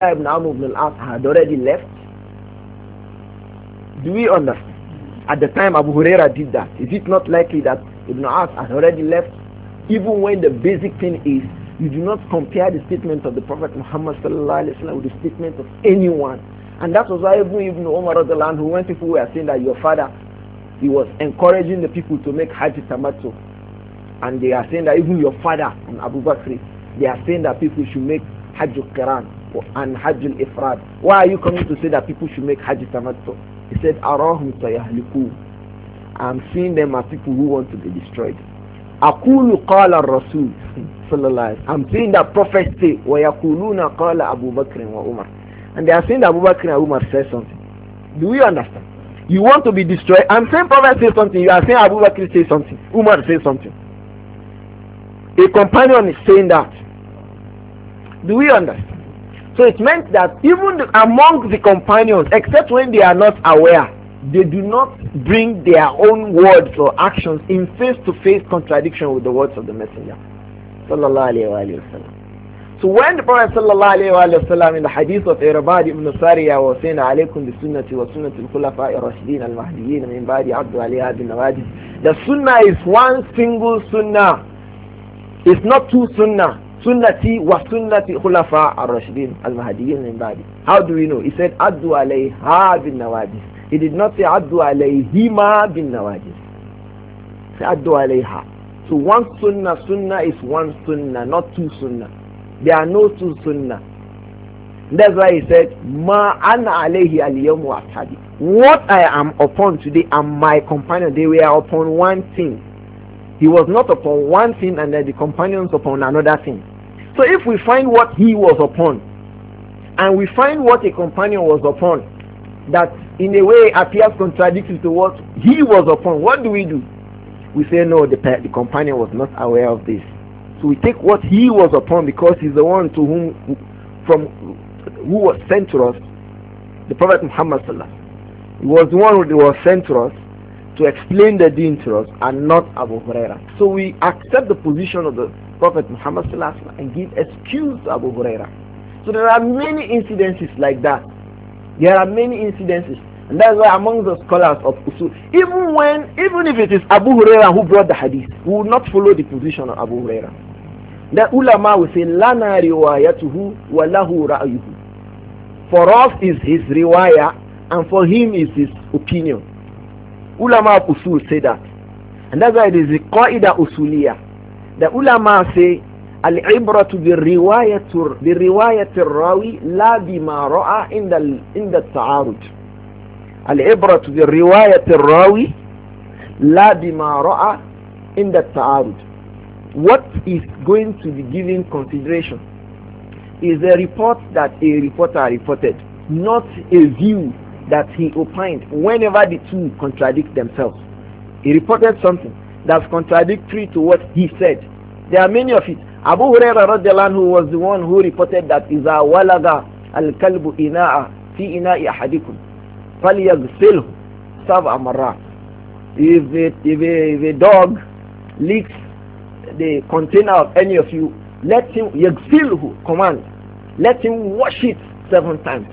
ibn Amr ibn al-As had already left? Do we understand? At the time Abu Huraira did that, is it not likely that Ibn As had already left? Even when the basic thing is, you do not compare the statement of the Prophet Muhammad sallam, with the statement of anyone. And that was why even Ibn Umar who when people were saying that your father, he was encouraging the people to make Hajj Tamato. And they are saying that even your father and Abu Bakr, they are saying that people should make Hajj Quran and Hajj al-Ifrad. Why are you coming to say that people should make Hajj tamattu? He said, Arahum tayahliku. I'm seeing them as people who want to be destroyed. Akulu qala rasul I'm seeing that prophet say, وَيَقُولُونَ قَالَ Abu Bakr wa Umar. And they are saying that Abu Bakr and Umar said something. Do you understand? You want to be destroyed. I'm saying prophet says something. You are saying Abu Bakr says something. Umar says something. A companion is saying that. Do we understand? So it meant that even among the companions, except when they are not aware, they do not bring their own words or actions in face-to-face contradiction with the words of the messenger. So when the Prophet وسلم, in the hadith of Irabad ibn Sariya was saying alaykum bi sunnati wa sunnati al-khulafa ar-rashidin al-mahdiyyin min ba'di 'abdu 'alayha bin nawajid the sunnah is one single sunnah it's not two sunnah sunnati wa sunnati khulafa ar-rashidin al-mahdiyyin min ba'di how do we know he said addu alayha bin nawajis he did not say addu alayhima bin nawajis say addu alayha so one sunnah sunnah is one sunnah not two sunnah there are no two sunnah that's why he said ma ana alayhi al-yawm wa what i am upon today and my companion they were upon one thing he was not upon one thing and the companions upon another thing. So if we find what he was upon, and we find what a companion was upon, that in a way appears contradictory to what he was upon, what do we do? We say, no, the, the companion was not aware of this. So we take what he was upon because he's the one to whom, from, who was sent to us, the Prophet Muhammad Sallallahu He was the one who was sent to us, to explain the deen to us and not Abu Huraira. So we accept the position of the Prophet Muhammad and give excuse to Abu Huraira. So there are many incidences like that. There are many incidences. And that's why among the scholars of Usul, even when, even if it is Abu Huraira who brought the hadith, we will not follow the position of Abu Huraira. The ulama will say, Lana riwayatuhu wa lahu ra'yuhu. For us is his riwayah and for him is his opinion. Ulama of usul say that. And that's why it is the qaida usuliyah. The ulama say the riwayat العبرة بالرواية برواية الراوي لا بما رأى عند ال... عند the العبرة برواية الراوي لا بما in the taarud. What is going to be given consideration is a report that a reporter reported, not a view that he opined whenever the two contradict themselves. He reported something that's contradictory to what he said. There are many of it. Abu Radiallahu who was the one who reported that is a وَلَغَ al إِنَاءَ فِي إِنَاءِ أَحَدِكُمْ فَلْيَغْسِلْهُ سَبْعَ مَرَّاتٍ if a, if, a, if a dog leaks the container of any of you, let him yagsilhu command. Let him wash it seven times.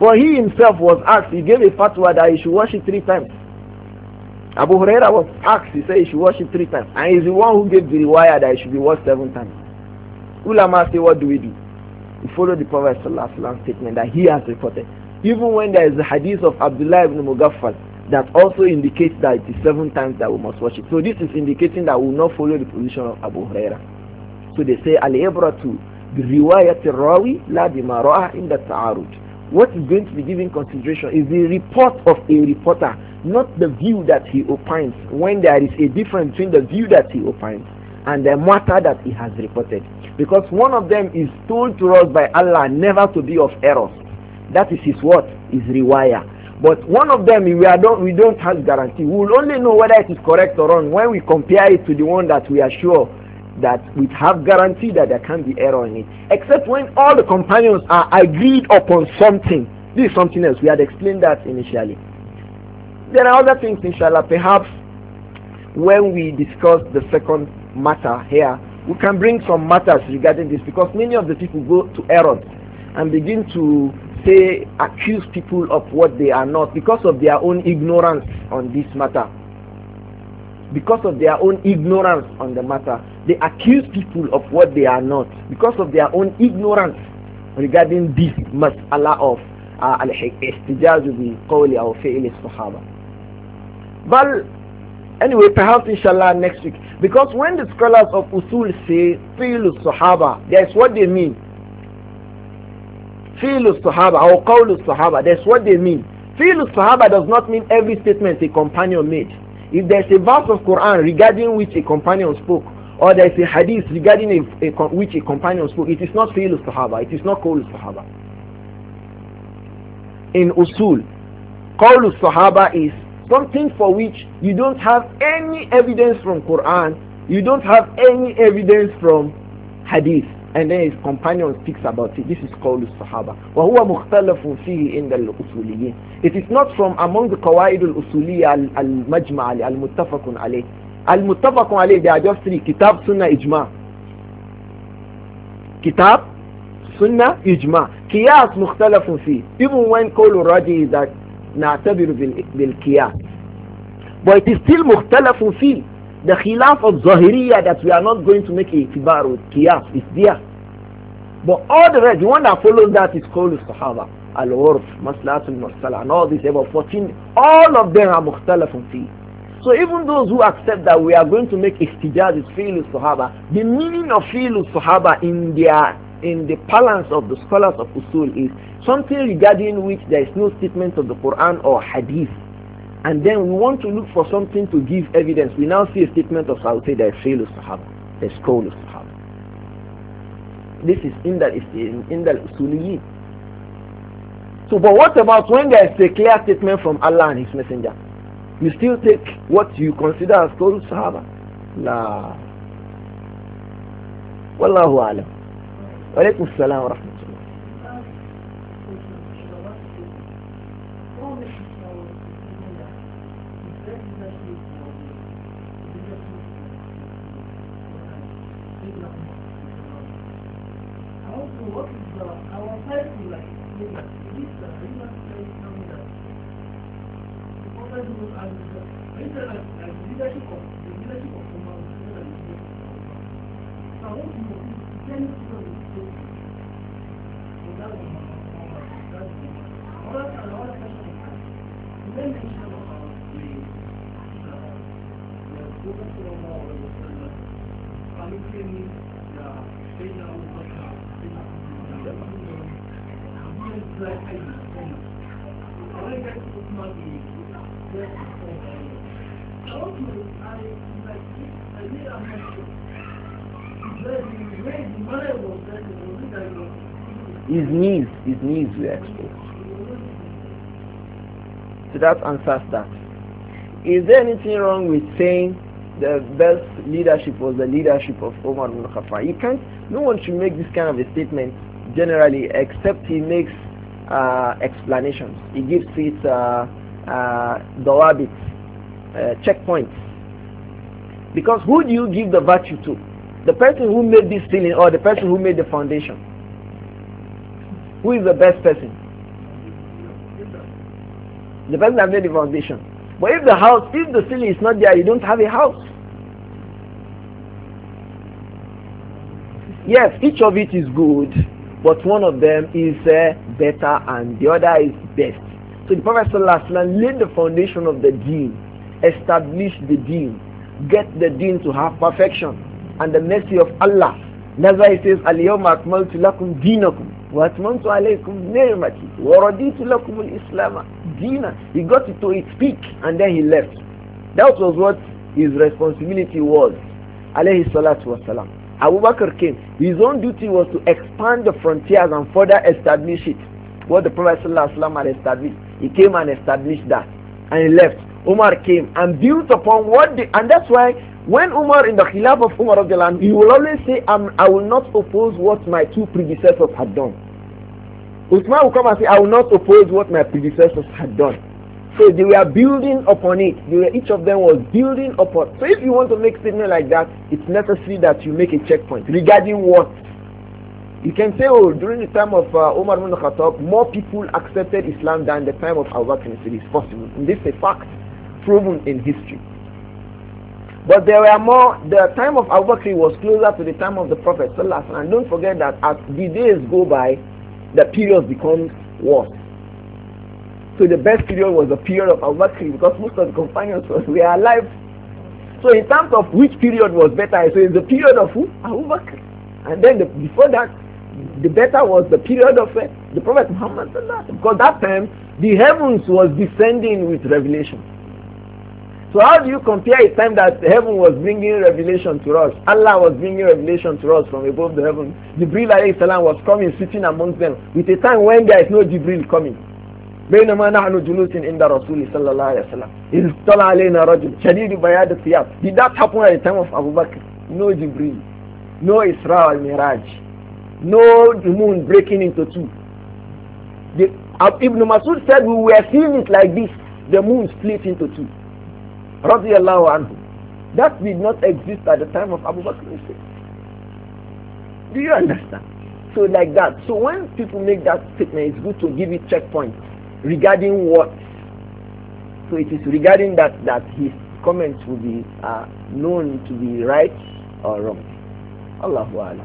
But he himself was asked, he gave a fatwa that he should wash it three times. Abu Huraira was asked, he said he should wash it three times. And he's the one who gave the riwayah that it should be washed seven times. Ulama say, what do we do? We follow the Prophet Prophet's statement that he has reported. Even when there is a hadith of Abdullah ibn Mughaffal that also indicates that it is seven times that we must wash it. So this is indicating that we will not follow the position of Abu Huraira. So they say, Al-Ibra to the riwayat rawi la bima ra'a inda ta'arud what is going to be given consideration is the report of a reporter, not the view that he opines, when there is a difference between the view that he opines and the matter that he has reported. Because one of them is told to us by Allah never to be of errors. That is his what? His rewire. But one of them we, are don't, we don't have guarantee. We will only know whether it is correct or wrong when we compare it to the one that we are sure that we have guaranteed that there can't be error in it. Except when all the companions are agreed upon something. This is something else. We had explained that initially. There are other things, inshallah. Perhaps when we discuss the second matter here, we can bring some matters regarding this because many of the people go to error and begin to say, accuse people of what they are not because of their own ignorance on this matter because of their own ignorance on the matter. They accuse people of what they are not because of their own ignorance regarding this mas'ala of uh, al-ihtijaj bi qawli aw fi'li sahaba. But anyway, perhaps inshallah next week. Because when the scholars of usul say fi'lu sahaba, that's what they mean. Fi'lu sahaba or qawlu sahaba, that's what they mean. Fi'lu sahaba does not mean every statement a companion made. If there is a verse of Quran regarding which a companion spoke, or there is a hadith regarding a, a, which a companion spoke, it is not fi'l sahaba, it is not called sahaba. In usul, qawl sahaba is something for which you don't have any evidence from Quran, you don't have any evidence from hadith and then his companion speaks about it. This is called Sahaba. وَهُوَ مُخْتَلَفٌ فِيهِ عِنْدَ الْأُصُولِيِّينَ It is not from among the قواعد الأصولية المجمع المتفق عليه المتفق عليه they are just three كتاب سنة إجماع كتاب سنة إجماع قياس مختلف فيه even when قول الراجي is that نعتبر بالقياس but it is still مختلف فيه the khilaf of Zahiriya that we are not going to make a tibar with qiyas is there. But all the rest, the one that follows that is called Sahaba. Al-Urf, Maslatul Mursala, and all these about 14, all of them are mukhtalafun fi. So even those who accept that we are going to make istijaz is fi'l sahaba the meaning of fi'l sahaba in their in the balance of the scholars of usul is something regarding which there is no statement of the Quran or hadith and then we want to look for something to give evidence, we now see a statement of Saudi that is failus a that is qaulus sahaba. This is in the in the usuliyin. So, but what about when there is a clear statement from Allah and His Messenger? You still take what you consider as qaulus sahaba? La. Wallahu alam. Wa alaikum salam wa rahmatullah. ọ̀rẹ́ ti wà. His knees, his knees were exposed. So that answers that. Is there anything wrong with saying the best leadership was the leadership of Omar ibn Khattab? You can't, no one should make this kind of a statement generally except he makes uh, explanations. He gives it uh, uh, uh, checkpoints. Because who do you give the virtue to? The person who made this ceiling or the person who made the foundation? Who is the best person? The person that made the foundation. But if the house, if the ceiling is not there, you don't have a house. Yes, each of it is good, but one of them is uh, better and the other is best. So the Prophet laid the foundation of the deen, established the deen, get the deen to have perfection and the mercy of Allah that's why it says, اليوم أكملت لكم to alaykum عليكم نعمتي ورضيت لكم الإسلام دينا. He got it to its peak and then he left. That was what his responsibility was. Alayhi salatu wasalam. Abu Bakr came. His own duty was to expand the frontiers and further establish it. What the Prophet ﷺ had established. He came and established that. And he left. Umar came and built upon what the, and that's why when Umar in the Khilaf of Umar of the land, he will always say, I will not oppose what my two predecessors had done. Uthman will come and say, I will not oppose what my predecessors had done. So they were building upon it. Were, each of them was building upon. So if you want to make statement like that, it's necessary that you make a checkpoint regarding what. You can say, oh, during the time of uh, Umar ibn Khattab, more people accepted Islam than the time of Abu Bakr. It is possible. And this is a fact proven in history. But there were more, the time of Abu Bakr was closer to the time of the Prophet And don't forget that as the days go by, the periods become worse. So the best period was the period of Abu Bakr because most of the companions were alive. So in terms of which period was better, so it's the period of who? Abu Bakr. And then the, before that, the better was the period of uh, the Prophet Muhammad because that time the heavens was descending with revelation. So how do you compare a time that heaven was bringing revelation to us? Allah was bringing revelation to us from above the heaven. Jibril alayhi salam was coming, sitting amongst them, with a time when there is no Jibril coming. بينما نحن جلوس عند رسول صلى الله عليه وسلم إذ طلع علينا رجل شديد بياض الثياب Did that happen at the time of Abu Bakr? No Jibril, no Isra al-Miraj, no the moon breaking into two. The, Ibn Masud said we were seeing it like this, the moon split into two radiallahu anhu. That did not exist at the time of Abu Bakr Do you understand? So like that. So when people make that statement, it's good to give it checkpoint regarding what. So it is regarding that that his comments will be uh, known to be right or wrong. Allahu Akbar.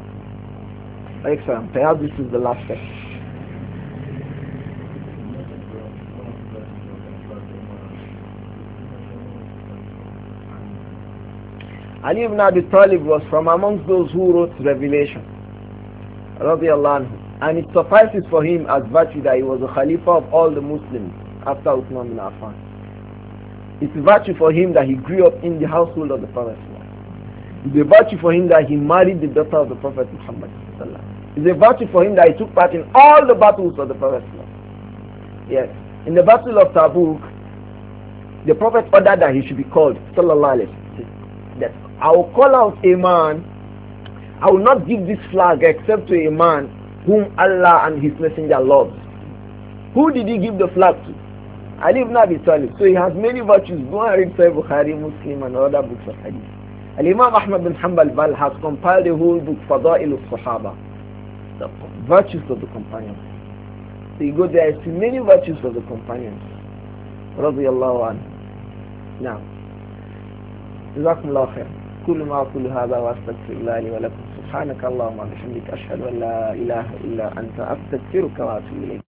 Excellent. Perhaps this is the last question. Ali ibn Abi Talib was from amongst those who wrote Revelation. And it suffices for him as virtue that he was a Khalifa of all the Muslims after Uthman bin Affan. It's virtue for him that he grew up in the household of the Prophet. It's a virtue for him that he married the daughter of the Prophet Muhammad. It's a virtue for him that he took part in all the battles of the Prophet. Yes. In the battle of Tabuk, the Prophet ordered that he should be called. Sallallahu that I will call out a man, I will not give this flag except to a man whom Allah and his messenger loves. Who did he give the flag to? Ali ibn Abi Talib. So he has many virtues. Go and read Sahih Bukhari, Muslim and other books of hadith. Al-Imam Ahmad bin Hanbal Bal has compiled a whole book, Fada'il al-Sahaba. The virtues of the companions. So you go there, I see many virtues of the companions. رضي الله عنه. Now, جزاكم الله خير كل ما أقول هذا وأستغفر الله لي ولكم سبحانك اللهم وبحمدك أشهد أن لا إله إلا أنت أستغفرك وأتوب إليك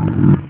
Mm-hmm.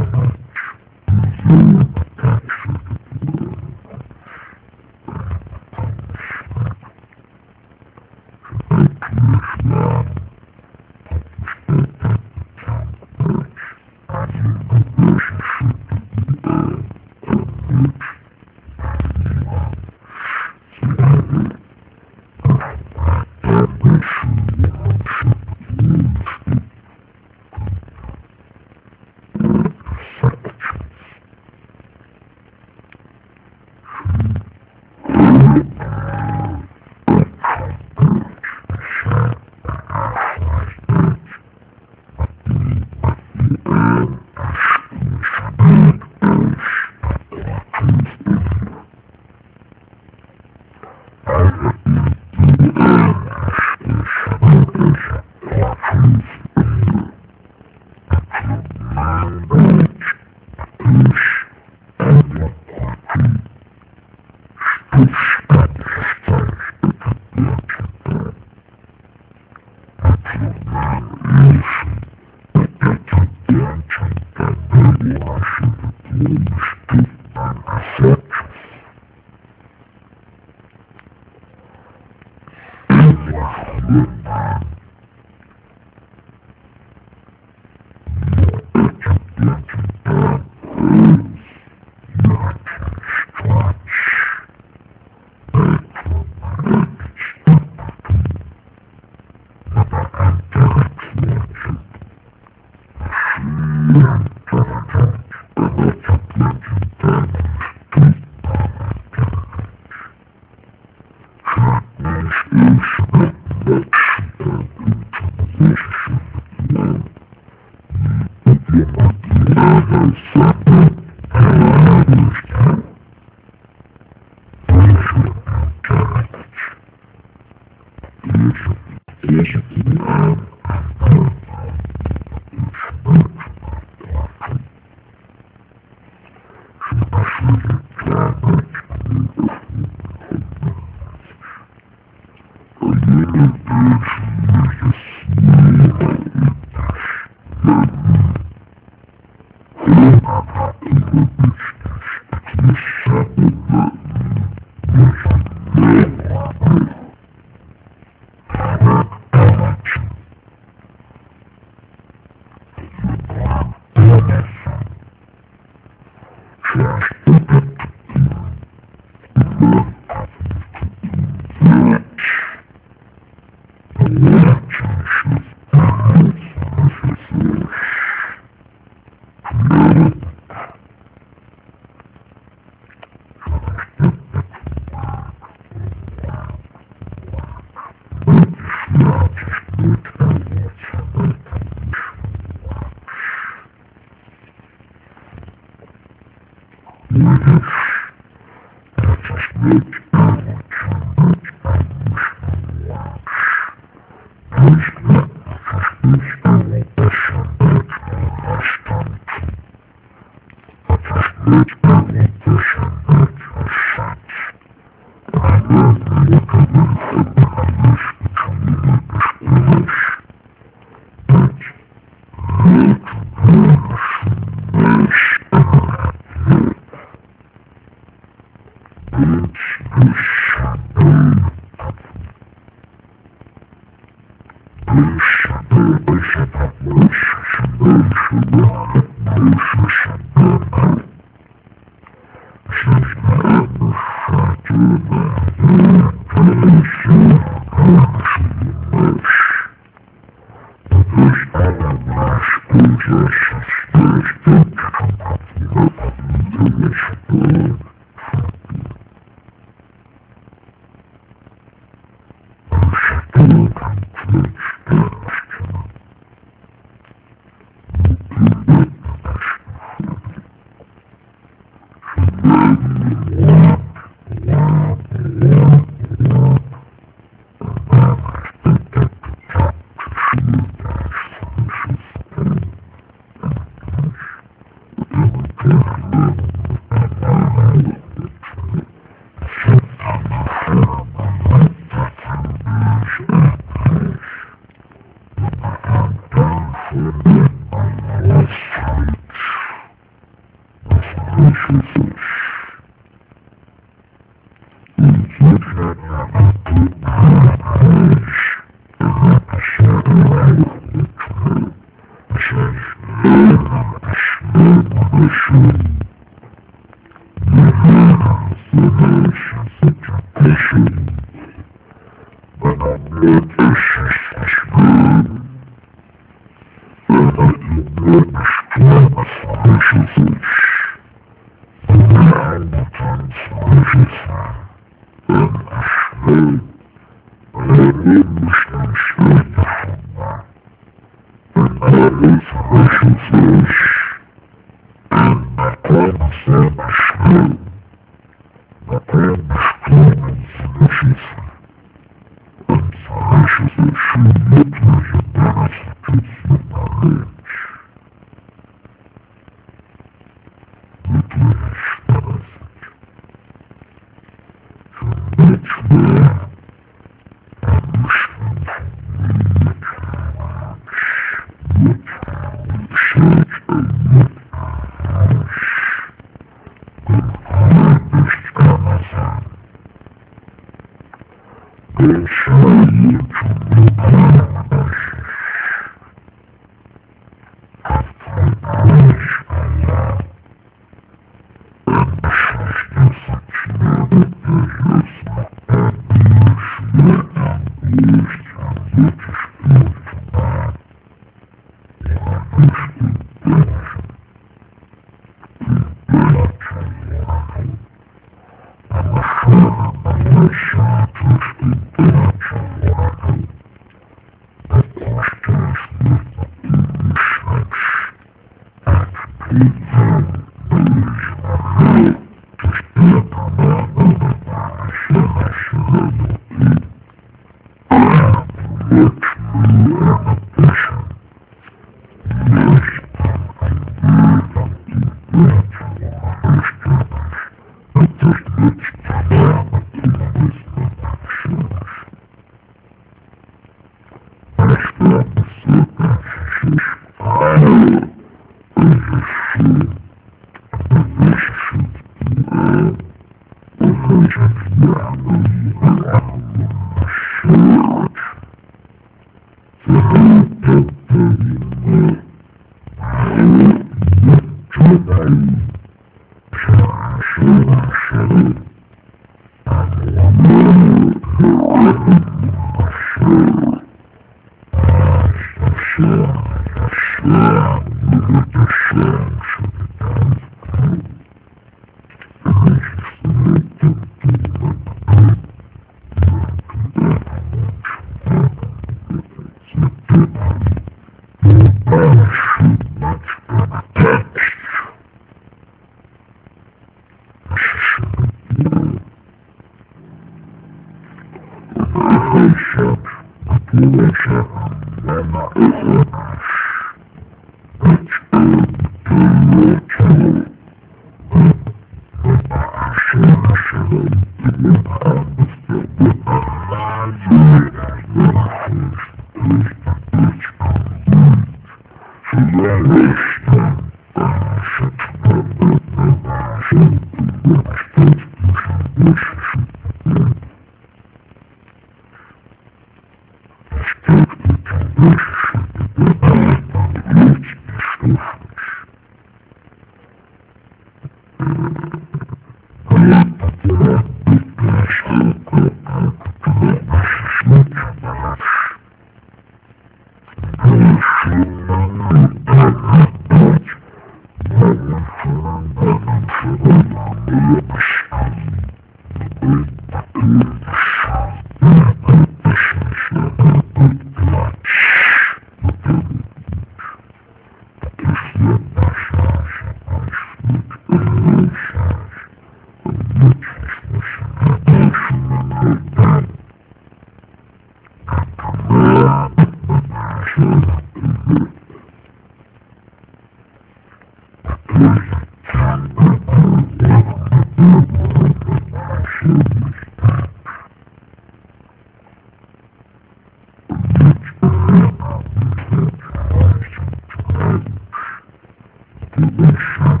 ты большая.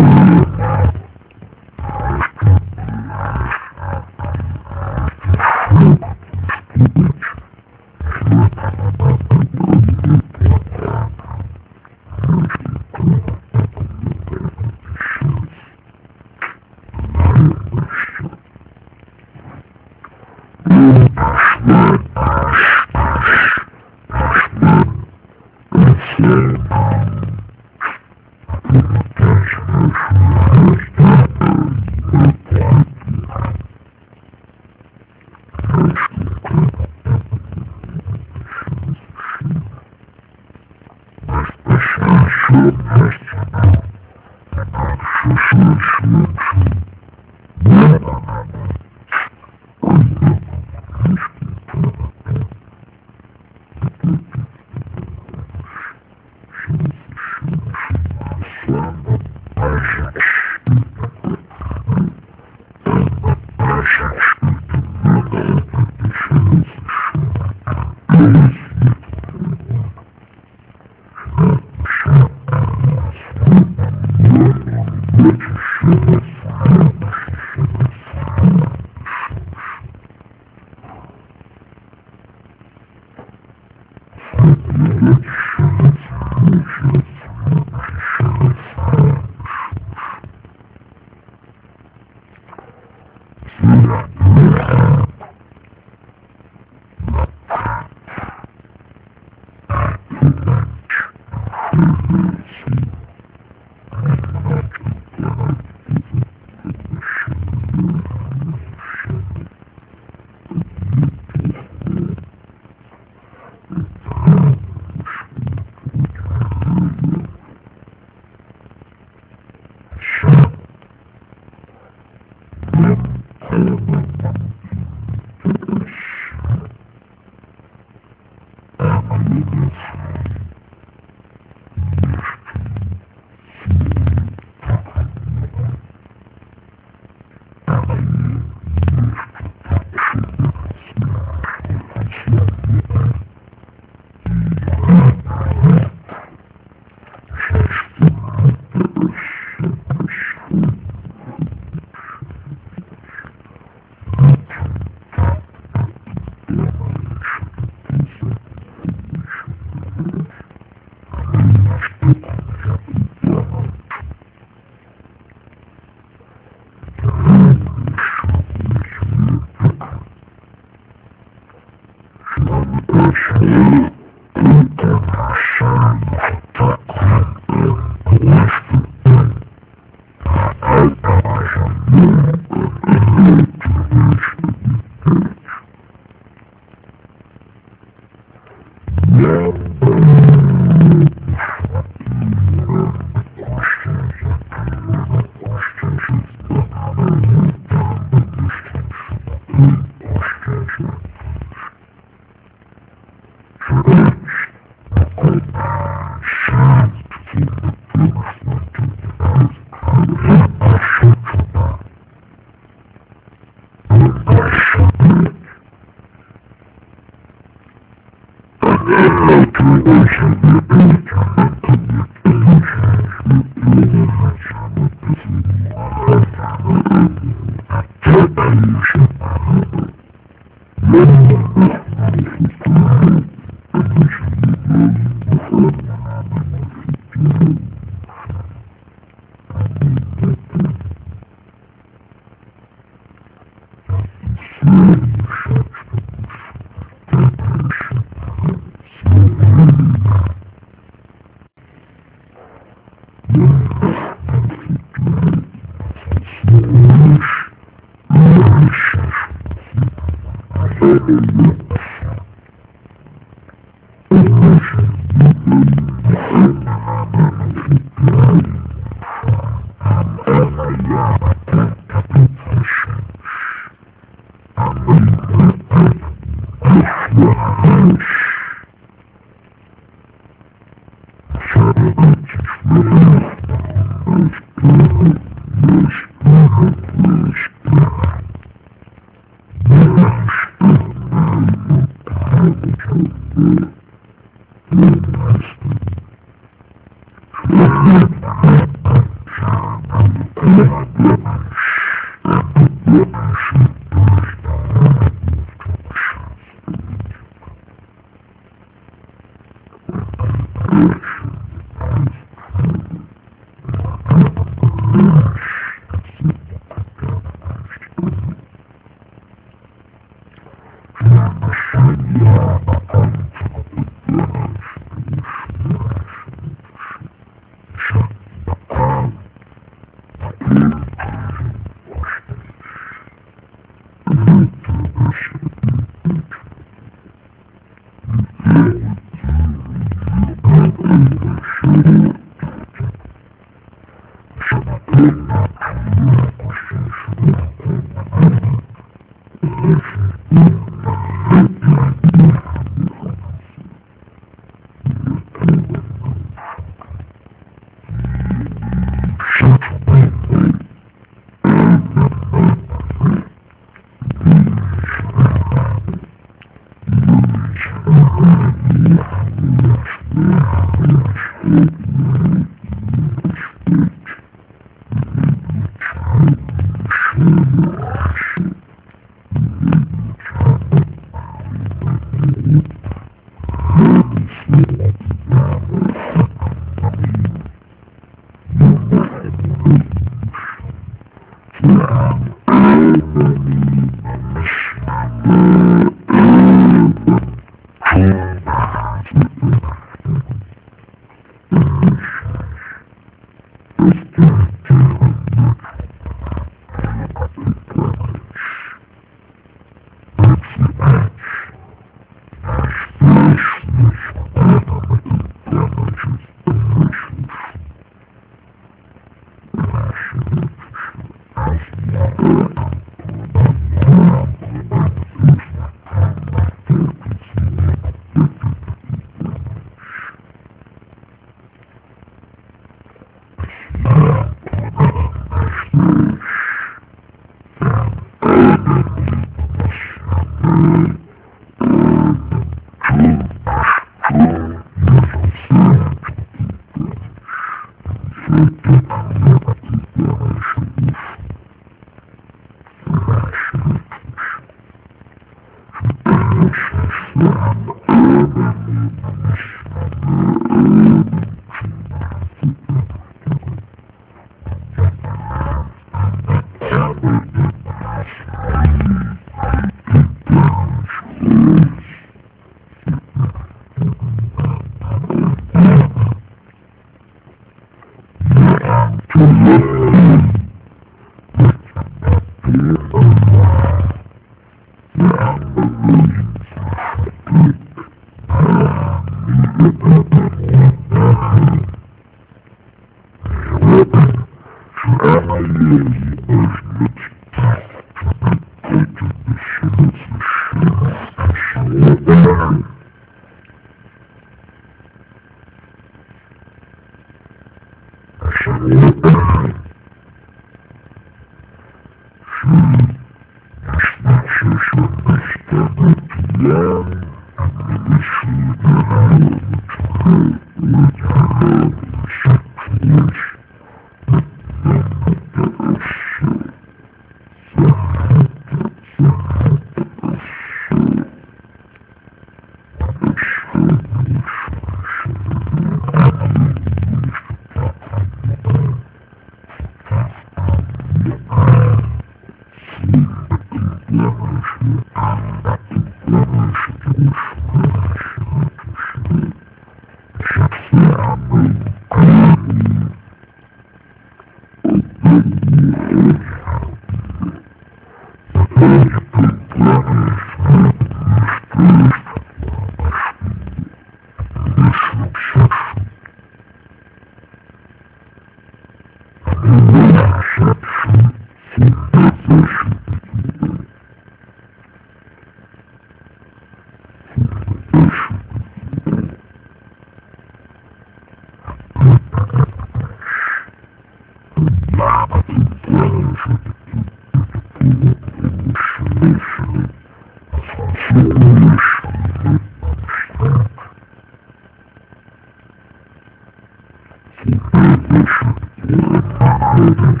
conversation with British.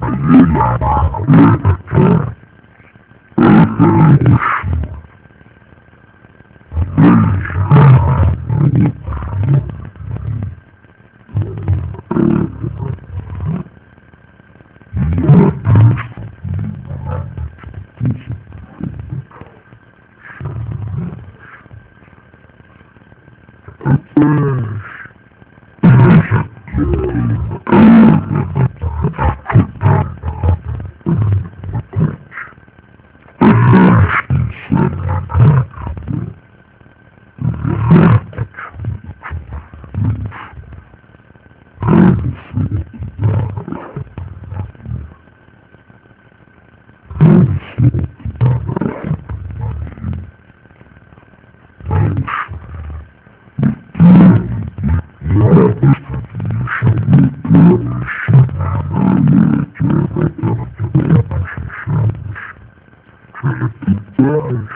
I realize Lord.